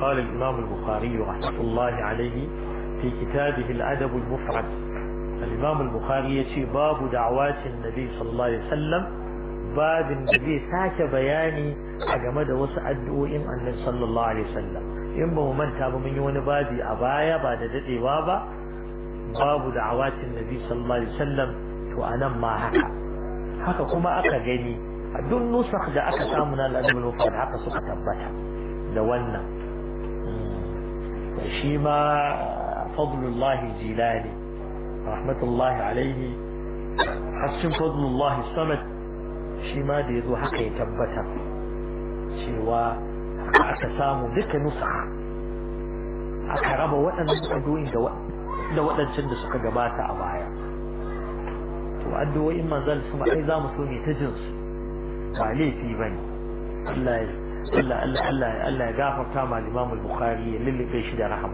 قال الإمام البخاري رحمة الله عليه في كتابه الأدب المفرد الإمام البخاري يشي باب دعوات النبي صلى الله عليه وسلم باب النبي ساك بياني أجمد وسأدعو إن صلى الله عليه وسلم إما من تاب من يون بابي أبايا بعد ذلك بابا باب دعوات النبي صلى الله عليه وسلم وأنا ما هكا هكا كما أكا جيني أدن نسخ دا أكا سامنا الأدب المفرد هكا سكتبتها لو أنه شيما فضل الله جلاله رحمة الله عليه حسن فضل الله الصمد شيما دي ذو حق يتبتا شيوا حق أتسام ذك نسعة حق ربا وأن أدوين دواء دواء لجند سقى جباتا أبايا وأدوين ما زال سمع إذا مسلمي تجنس وعليه في بني الله يزيد الا الا الا قافر كما الامام البخاري للي في دا رحمه